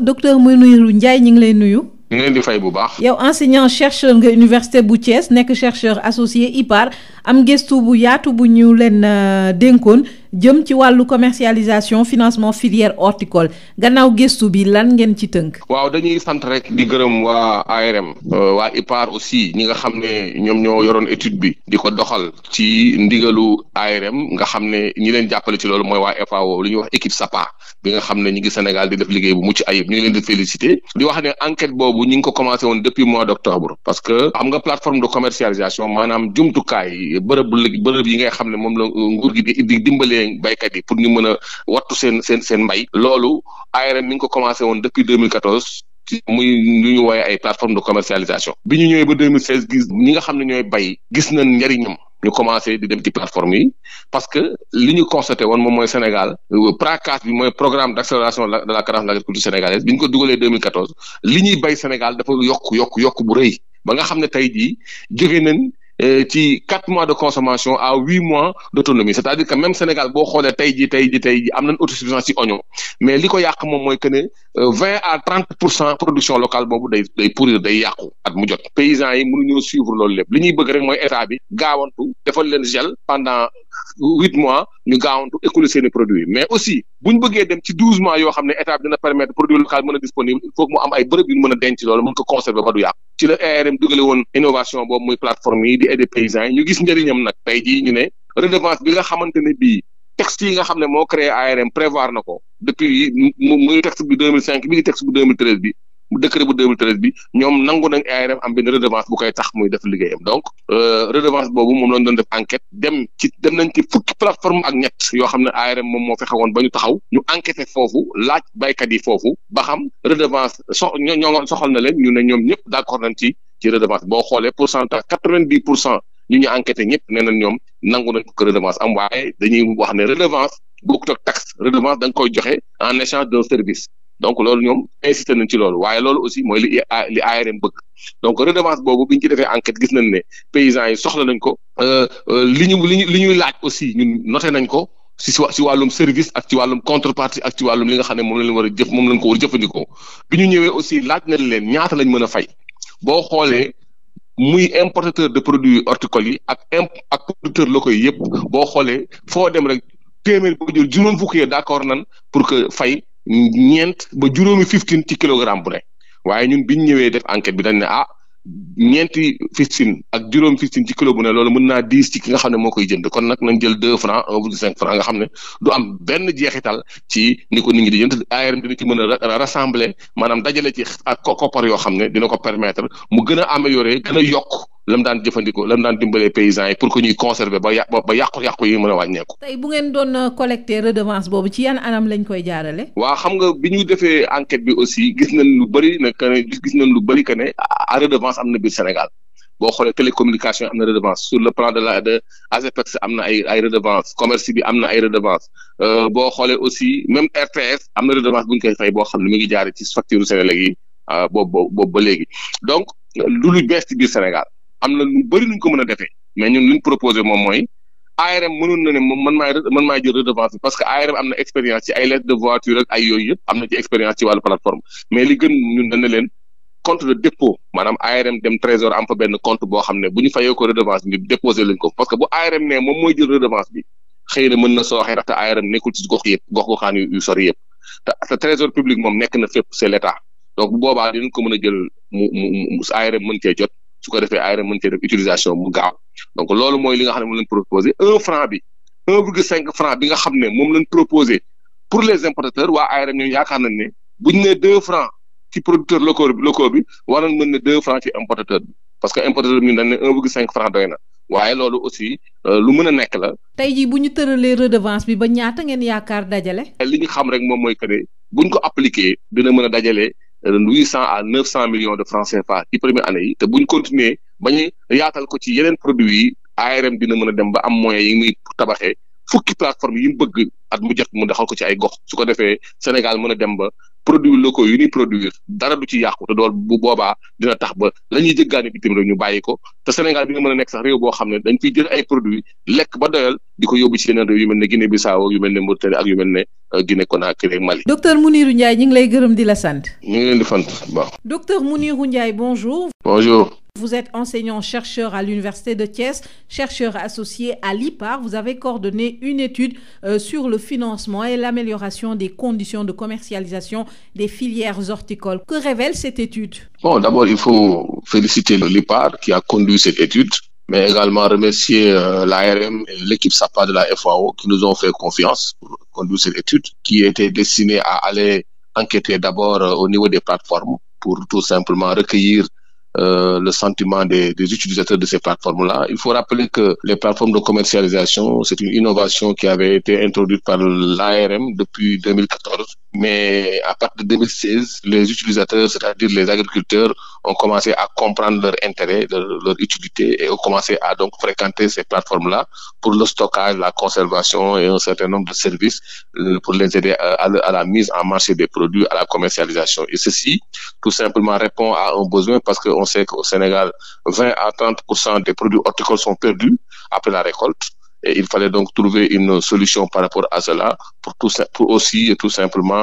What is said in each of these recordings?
docteur Mounirou Ndiaye ñu ngi lay nuyu. ñu ngi di fay bu baax. yow enseignant chercheur nga université bu Thiès nekk chercheur associé IPAR am gëstu bu yaatu bu ñu leen euh, dénkoon. jëm ci wàllu commercialisation financement filière horticole gannaaw gestu bi lan ngeen ci tënk. waaw dañuy sant rek di gërëm waa ARM euh, waa IPAR aussi ñi nga xam ne ñoom ñoo yoroon étude bi di ko doxal ci ndigalu ARM nga xam ne ñi leen jàppale ci loolu mooy waa FAO li ñuy wax équipe SAPA bi nga xam ne ñu ngi Sénégal di def liggéey bu mucc ayib ñu ngi leen di féliciter di wax ne enquête boobu ñi ngi ko commencé woon depuis mois d'octobre parce que xam nga plateforme de commercialisation maanaam jumtukaay bërëb yi nga xam ne moom la nguur gi di dimbalee dimbalee baykat yi pour ñu mën wattu seen seen seen mbay loolu ARM mi ko commencé woon depuis 2014 muy lu ñu woowee ay plateforme de commercialisation bi ñu ñëwee ba 2016 nga xam ne ñooy bay gis nañ njariñam ñu commencé di dem ci plateforme yi parce que li ñu constaté woon moom mooy Sénégal PRACAS bi mooy programme d'accélération de la cadence de l'agriculture sénégalaise bi ñu ko dugalee 2014 li ñuy bay Sénégal dafa yokk yokk yokk bu rëy ba ci quatre mois de consommation à huit mois d'autonomie c'est-à-dire que même Sénégal boo xoolee tey ji tey ji tey ji am nañ autosuffisance ci oignon mais li ko yàq moom mooy que ne euh, vingt à trente pour cent production locale boobu day day pourrir day yàqu at mu jot paysans yi mënuñoo suivre loolu lépp li ñuy bëgg rek mooy état bi gaawantu defal leen gel pendant huit mois ñu gaawantu écouler seen i produits mais aussi bu ñu bëggee dem ci douze mois xam ne état bi dina permettre produit local mën a disponible il faut que mu am ay bërëb yu a denc loolu mën ko conserver ba du ci la ARM dugale woon innovation boobu muy plateforme yi di aider paysans yi ñu gis njëriñam nag tey jii ñu ne redevance bi nga xamante ne bii texte yi nga xam ne moo créé ARM prévoir na ko depuis muy texte bi 2005 bi di texte bu 2013 bi décret bu 2013 bi ñoom nangu nañ ARM am benn redevance bu koy tax muy def liggéeyam donc euh, redevance boobu moom lañ doon def enquête dem ci dem nañ ci fukki plateforme ak ñett yoo xam ne ARM moom moo fexe woon ba ñu taxaw ñu enquêté foofu laaj baykat yi foofu ba xam redevance so ñoo ñoo soxal na leen ñu ne ñoom ñëpp d'accord nañ ci ci redevance boo xoolee pourcentage quatre-vingt-dix pour cent ñu ñu enquêté ñëpp nee nañ ñoom nangu nañ ko redevance am waaye dañuy wax ne redevance bokkut ak taxe da nga koy joxe en échange service donc loolu ñoom insisté nañ ci loolu waaye loolu aussi mooy li li ARM bëgg donc redevance boobu bi ñu ci defee enquête gis nañ ne paysans yi soxla nañ ko euh, euh, li ñu li ñu li ñuy laaj aussi ñun noté nañ ko si si wàllum service ak ci wàllum contrepartie ak ci wàllum li nga xam ne moom lañ war a jëf moom lañ ko war a jëfandikoo bi ñu ñëwee aussi laaj nañ leen ñaata lañ mën a fay boo xoolee muy importateur de produits horticoles yi ak imp ak producteurs locaux yi yëpp boo xoolee foo dem rek téeméer boo jël juróom fukki d'accord nan pour que fay. ñeent ba juróomi fifteen ci kilogramme bu ne waaye ñun biñ ñëwee def enquête bi dañ ne ah ñeenti fifteen ak juróom fifteen ci kilo bu ne loolu mën naa diis ci ki nga xam ne moo koy jënd kon nag nañ jël deux francs un virgule cinq francs nga xam ne du am benn jeexital ci ni ko nit ñi di jënd ARM dina ci mën a rassembler maanaam dajale ci ak koppar yoo xam ne dina ko permettre mu gën a améliorer gën a yokk lam daan jëfandikoo lam daan dimbalee paysans yi pour que ñuy conserver ba yà ba yi mën a wàññeeku. tey bu ngeen doon euh, collecter redevance boobu ci yan anam lañ koy jaarale. waaw xam nga bi ñu defee enquête bi aussi gis na lu bari ne que ne gis nañ lu bëri redevance am na biir Sénégal boo xoolee télécommunication am na redevance sur le plan de la de ASEPEX am na ay ay redevance commerce bi am na ay redevance euh, boo xoolee aussi même RTS am na redevance bu ñu koy fay boo xam ngi jaaree ci facture Sénégal yi euh, boobu ba léegi donc lu lu bees ci am na lu bëri lu ñu ko mën a defee mais ñun moom mooy ARM mënoon na ne moom man maay man maay jël redevance bi parce que ARM am na expérience ci ay lettre de voiture ak ay yooyu yëpp am na ci expérience ci wàllu plateforme mais li xam ne bu ñu fayoo ko redevance bi déposé lañ ko parce que bu ARM ne moom mooy jël redevance bi xëy na mën na sooxee ndaxte ARM nekkul ci gox yëpp yu sori yëpp te public moom nekk na fépp donc bu boobaa dinañ ko a jël mu mu mu ARM mën cee jot su ko defee ARM mën cee def utilisation mu gaaw donc loolu mooy li nga xam ne moom lañ proposé un franc bi nga xam ne moom lañ proposé pour les importateurs waa ARM ñoom yaakaar nañ ne bu ñu nee deux franc ci producteur locaux locaux bi war mën ne deux franc ci importateur bi parce que importateur bi ñu dañ ne un virgule cinq doy na waaye loolu aussi euh, lu mën a nekk la. tey jii bu ñu tëralee redevance bi ba ñaata ngeen yaakaar dajale. li ñu xam rek moom mooy que ne bu ko appliqué dina mën a dajale. huit cent à neuf cent millions de francs CFA ci première année yi te buñ continuer bañu yaatal ko ci yeneen produit yi ARM dina mën a dem ba am moyens yi muy tabaxee fukki plateforme yi mu bëgg at mu jot mu daxal ko ci ay gox su ko defee Sénégal mën a dem ba produits locaux yu ñuy produire dara du ci yàqu te dool bu boobaa dina tax ba la ñuy jëggaani bitim réew ñu bàyyi ko te Sénégal dina mën a nekk sax réew boo xam ne dañ fiy jël ay produits lekk ba doyal di ko yóbbu ci yeneen réew yu mel ne Guinée Bissau yu mel ne Mauritanie ak yu mel ne Euh, Guinée Conakry ak Mali. docteur Mounirou ñu ngi lay gërëm di la sant. ñu ngi leen di sant bon. docteur Mounirou Ndiaye bonjour. bonjour. Vous êtes enseignant-chercheur à l'Université de Thiès, chercheur associé à l'IPAR. Vous avez coordonné une étude euh, sur le financement et l'amélioration des conditions de commercialisation des filières horticoles. Que révèle cette étude? Bon, d'abord, il faut féliciter l'IPAR qui a conduit cette étude, mais également remercier euh, l'ARM et l'équipe SAPA de la FAO qui nous ont fait confiance conduit cette étude qui était destinée à aller enquêter d'abord au niveau des plateformes pour tout simplement recueillir Euh, le sentiment des, des utilisateurs de ces plateformes-là. Il faut rappeler que les plateformes de commercialisation, c'est une innovation qui avait été introduite par l'ARM depuis Mais à partir de les utilisateurs, c'est-à-dire les agriculteurs, ont commencé à comprendre leur intérêt, leur, leur utilité et ont commencé à donc fréquenter ces plateformes-là pour le stockage, la conservation et un certain nombre de services euh, pour les aider à, la mise en marché des produits, à la on sait qu'au Sénégal, 20 à 30 pour cent des produits horticoles sont perdus après la récolte. Et il fallait donc trouver une solution par rapport à cela pour, tout, aussi et tout simplement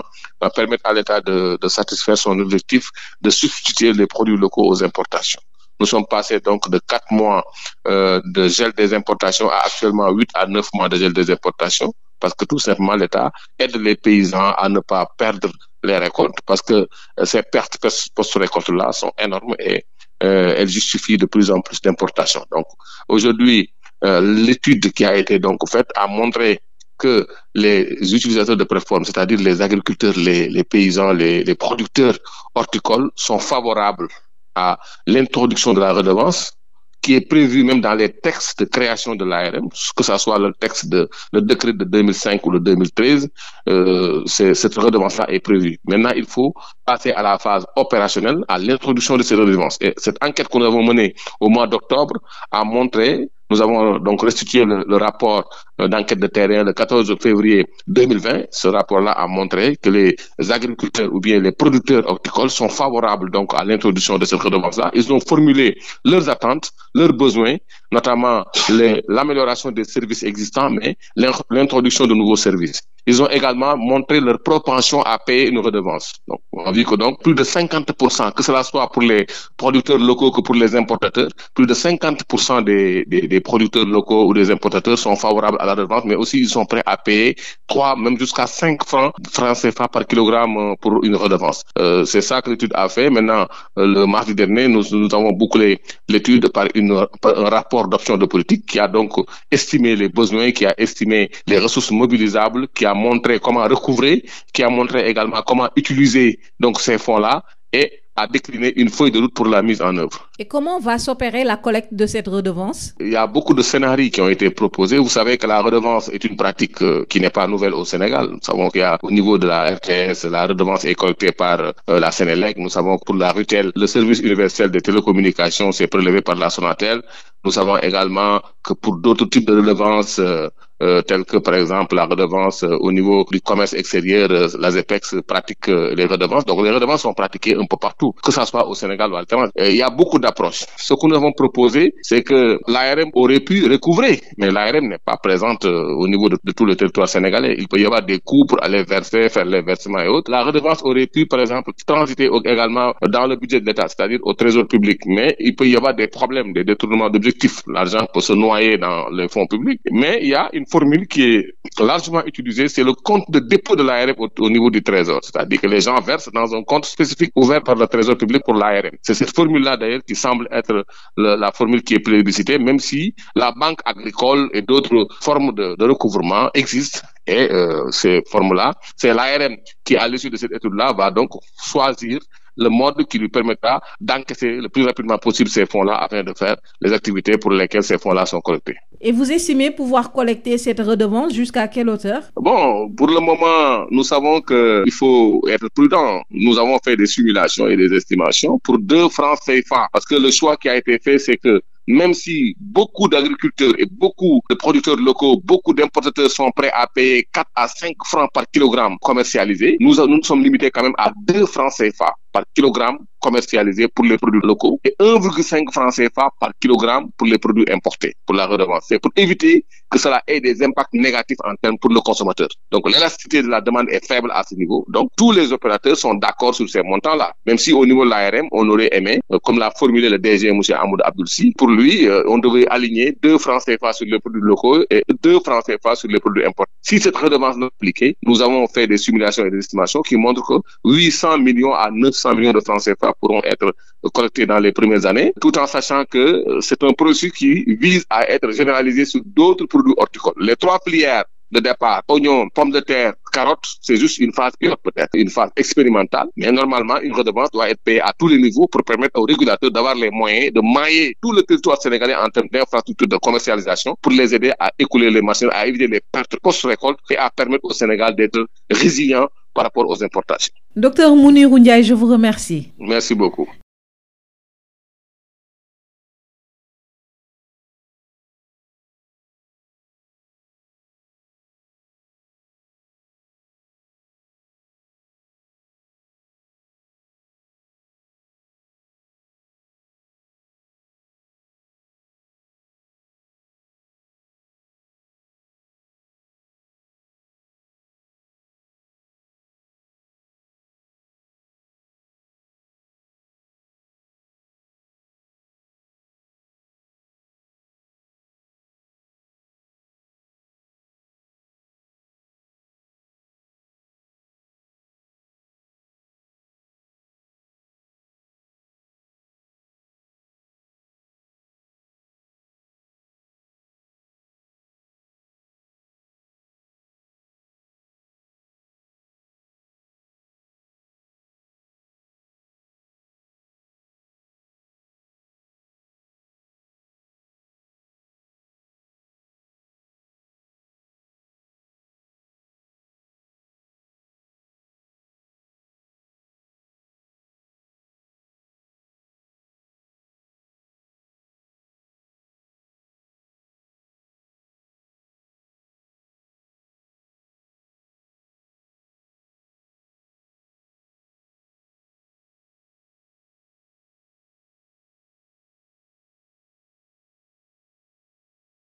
permettre à l'État de, de satisfaire son objectif de substituer les produits locaux aux importations. Nous sommes passés donc de quatre mois euh, de gel des importations à actuellement huit à neuf mois de gel des importations. parce que tout simplement l'État aide les paysans à ne pas perdre les récoltes parce que euh, ces pertes post-récoltes-là sont énormes et euh, elles justifient de plus en plus d'importations. Donc aujourd'hui, euh, l'étude qui a été donc faite a montré que les utilisateurs de plateformes, c'est-à-dire les agriculteurs, les, les paysans, les, les producteurs horticoles sont favorables à l'introduction de la redevance qui est prévu même dans les textes de création de l'ARM, que ça soit le texte de euh, Maintenant, il faut passer à la phase opérationnelle, à l'introduction de ces redevances. Et cette enquête que mois d'octobre a Nous avons euh, donc restitué le, le rapport euh, d'enquête de terrain le 14 février 2020. Ce rapport-là a montré que les agriculteurs ou bien les producteurs horticoles sont favorables donc à l'introduction de cette redevance-là. Ils ont formulé leurs attentes, leurs besoins, notamment l'amélioration des services existants, mais l'introduction de nouveaux services. ils ont également montré leur propension à payer une redevance. plus de que cela soit pour les producteurs locaux que pour les importateurs, plus de des, producteurs locaux ou des importateurs sont favorables à la redevance, mais aussi ils sont prêts à payer 3, même jusqu'à 5 francs, francs CFA par kilogramme euh, pour une redevance. Euh, c'est ça que l'étude a fait. Maintenant, euh, le mardi dernier, nous, nous avons bouclé l'étude par, une, par un rapport d'option de politique qui a donc estimé montré comment recouvrer, qui a montré également comment utiliser donc ces fonds-là et décliner une feuille de route pour la mise en œuvre. Et comment va s'opérer la collecte de cette redevance Il y a beaucoup de scénarios qui ont été proposés. Vous savez que la redevance est une pratique euh, qui n'est pas nouvelle au Sénégal. Nous savons qu'il y a au niveau de la RTS, la redevance est collectée par euh, la Sénélec. Nous savons que pour la RUTEL, le service universel des télécommunications, c'est prélevé la Sonatel. Nous savons également que pour d'autres types de Euh, telles que par exemple la redevance euh, au niveau du commerce extérieur, euh, la ZEPEX pratique les redevances. Donc les redevances sont pratiquées un peu partout, que ce soit au Sénégal ou à Il y a beaucoup d'approches. Ce que nous avons proposé, c'est que l'ARM aurait pu recouvrer, mais l'ARM n'est pas présente au niveau de, tout le territoire sénégalais. Il peut y avoir des coûts pour aller faire les versements et autres. La redevance aurait pu, par formule qui est largement utilisée, c'est le compte de dépôt de l'ARM au, au, niveau du Trésor. C'est-à-dire que les gens versent dans un compte spécifique ouvert par le Trésor public pour l'ARM. C'est cette formule-là, d'ailleurs, qui semble être la formule qui est plébiscitée, même si la banque agricole et d'autres formes de, recouvrement existent et euh, ces formes-là, c'est l'ARM qui, à l'issue de cette étude-là, va donc choisir le mode qui lui permettra d'encaisser le plus rapidement possible ces fonds-là afin de faire les activités pour lesquelles ces fonds-là sont collectés. Et vous estimez pouvoir collecter cette redevance jusqu'à quelle hauteur pour le moment, nous savons qu'il faut être prudent. Nous avons fait des simulations et des estimations pour deux francs CFA parce que le choix qui a été fait, c'est que même si beaucoup d'agriculteurs et beaucoup de producteurs locaux, beaucoup d'importateurs sont prêts à payer à 5 francs par kilogramme commercialisé, nous, nous sommes limités par kilogramme commercialisé pour les produits locaux et 1,5 francs par kilogramme pour les produits importés pour la redevance. C'est pour éviter que cela ait des impacts négatifs en termes pour le consommateur. Donc l'élasticité de la demande est faible à ce niveau. Donc tous les opérateurs sont d'accord sur ces montants-là. Même si au niveau de l'ARM, on aurait aimé, euh, comme l'a formulé le DG M. Amoud Abdoulsi, pour lui, euh, on devait aligner 2 100 millions de francs CFA pourront être collectés dans les premières années, tout en sachant que euh, c'est un processus qui vise à être généralisé sur d'autres produits horticoles. Les trois filières de départ, oignons, pommes de terre, carottes, c'est juste une phase pilote peut-être, une phase expérimentale, mais normalement, une redevance doit être payée à tous les niveaux pour permettre aux régulateurs d'avoir les moyens de mailler tout le territoire sénégalais par rapport aux importations. Docteur Mounirou Ndiaye, je vous remercie. Merci beaucoup.